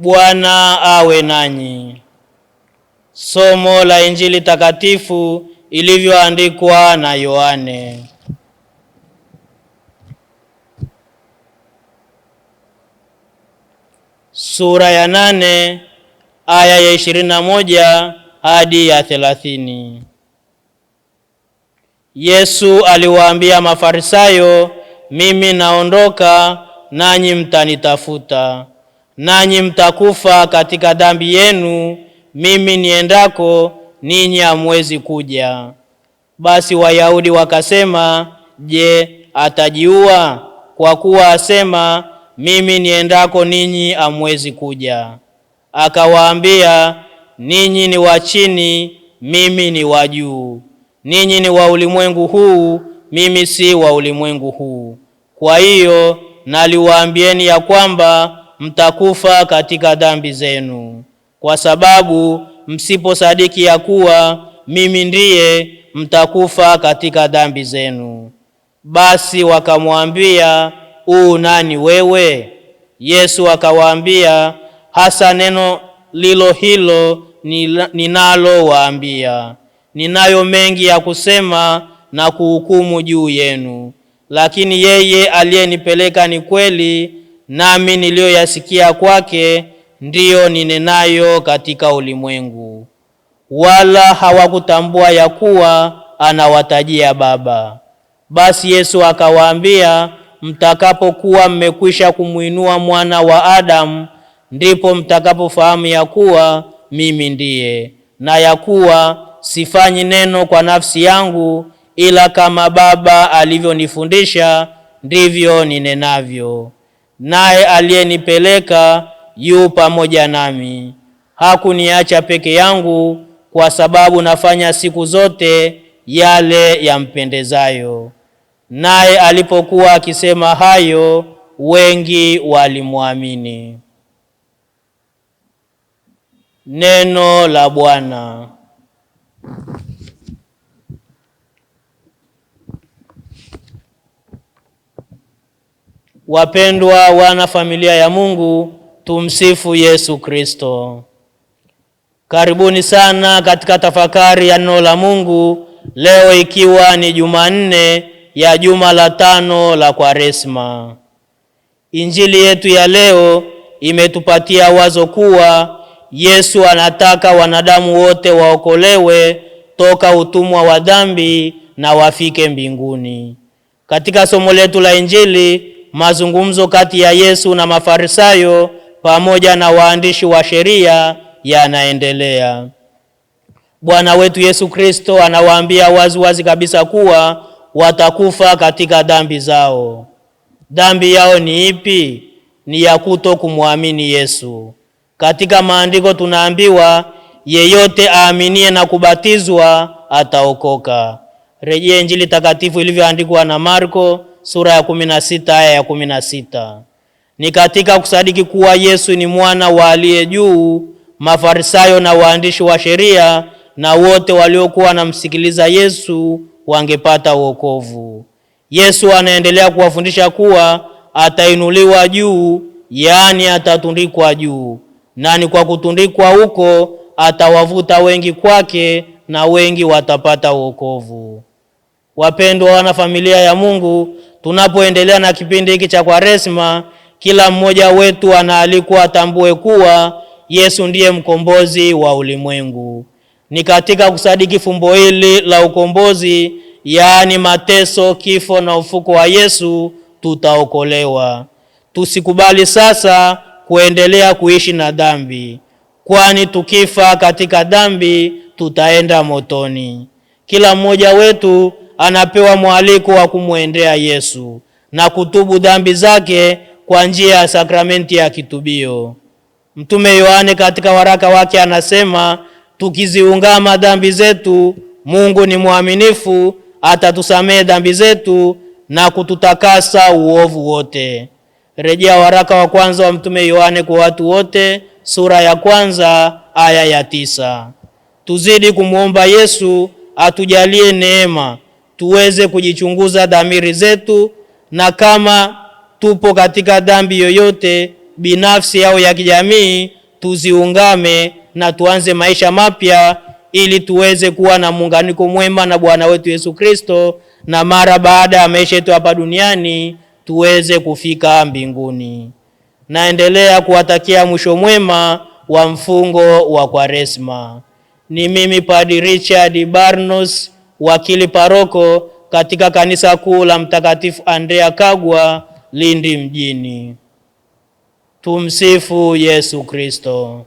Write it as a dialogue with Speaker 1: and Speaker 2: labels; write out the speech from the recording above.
Speaker 1: Bwana awe nanyi. Somo la Injili takatifu ilivyoandikwa na Yohane. Sura ya nane aya ya ishirini na moja hadi ya thelathini. Yesu aliwaambia Mafarisayo, mimi naondoka, nanyi mtanitafuta tafuta nanyi mtakufa katika dhambi yenu, mimi niendako, ninyi hamwezi kuja. Basi Wayahudi wakasema, je, atajiua? Kwa kuwa asema, mimi niendako, ninyi hamwezi kuja. Akawaambia, ninyi ni wa chini, mimi ni wa juu. Ninyi ni wa ulimwengu huu, mimi si wa ulimwengu huu. Kwa hiyo naliwaambieni ya kwamba mtakufa katika dhambi zenu, kwa sababu msiposadiki ya kuwa mimi ndiye, mtakufa katika dhambi zenu. Basi wakamwambia, u nani wewe? Yesu akawaambia, hasa neno lilo hilo ninalowaambia. Ninayo mengi ya kusema na kuhukumu juu yenu, lakini yeye aliyenipeleka ni kweli nami niliyoyasikia kwake ndiyo ninenayo katika ulimwengu, wala hawakutambua ya kuwa anawatajia Baba. Basi Yesu akawaambia, mtakapokuwa mmekwisha kumwinua mwana wa Adamu, ndipo mtakapofahamu ya kuwa mimi ndiye, na ya kuwa sifanyi neno kwa nafsi yangu, ila kama Baba alivyonifundisha ndivyo ninenavyo naye aliyenipeleka yu pamoja nami, hakuniacha peke yangu, kwa sababu nafanya siku zote yale yampendezayo. Naye alipokuwa akisema hayo, wengi walimwamini. Neno la Bwana. Wapendwa wana familia ya Mungu, tumsifu Yesu Kristo. Karibuni sana katika tafakari ya neno la Mungu leo, ikiwa ni Jumanne ya juma la tano la Kwaresma. Injili yetu ya leo imetupatia wazo kuwa Yesu anataka wanadamu wote waokolewe toka utumwa wa dhambi na wafike mbinguni. Katika somo letu la Injili mazungumzo kati ya Yesu na Mafarisayo pamoja na waandishi wa sheria yanaendelea. Bwana wetu Yesu Kristo anawaambia wazi wazi kabisa kuwa watakufa katika dhambi zao. Dhambi yao ni ipi? Ni ya kuto kumwamini Yesu. Katika maandiko tunaambiwa yeyote aaminie na kubatizwa ataokoka. Rejea Injili takatifu ilivyoandikwa na Marko sura ya 16 aya ya 16. Ni katika kusadiki kuwa Yesu ni mwana wa aliye juu, Mafarisayo na waandishi wa sheria na wote waliokuwa wanamsikiliza Yesu wangepata wokovu. Yesu anaendelea kuwafundisha kuwa atainuliwa juu, yaani atatundikwa juu, na ni kwa kutundikwa huko atawavuta wengi kwake na wengi watapata wokovu. Wapendwa wana familia ya Mungu, tunapoendelea na kipindi hiki cha Kwaresma, kila mmoja wetu anaalikwa atambue kuwa Yesu ndiye mkombozi wa ulimwengu. Ni katika kusadiki fumbo hili la ukombozi, yaani mateso, kifo na ufuko wa Yesu, tutaokolewa. Tusikubali sasa kuendelea kuishi na dhambi, kwani tukifa katika dhambi tutaenda motoni. Kila mmoja wetu anapewa mwaliko wa kumwendea Yesu na kutubu dhambi zake kwa njia ya sakramenti ya kitubio. Mtume Yohane katika waraka wake anasema, tukiziungama dhambi zetu, Mungu ni mwaminifu atatusamehe dhambi zetu na kututakasa uovu wote. Rejea waraka wa kwanza wa Mtume Yohane kwa watu wote sura ya kwanza aya ya tisa. Tuzidi kumwomba Yesu atujalie neema tuweze kujichunguza dhamiri zetu, na kama tupo katika dhambi yoyote binafsi au ya kijamii, tuziungame na tuanze maisha mapya, ili tuweze kuwa na muunganiko mwema na Bwana wetu Yesu Kristo, na mara baada ya maisha yetu hapa duniani tuweze kufika mbinguni. Naendelea kuwatakia mwisho mwema wa mfungo wa Kwaresma. Ni mimi Padre Richard Barnos wakili paroko katika kanisa kuu la Mtakatifu Andrea Kagwa, Lindi mjini. Tumsifu Yesu Kristo.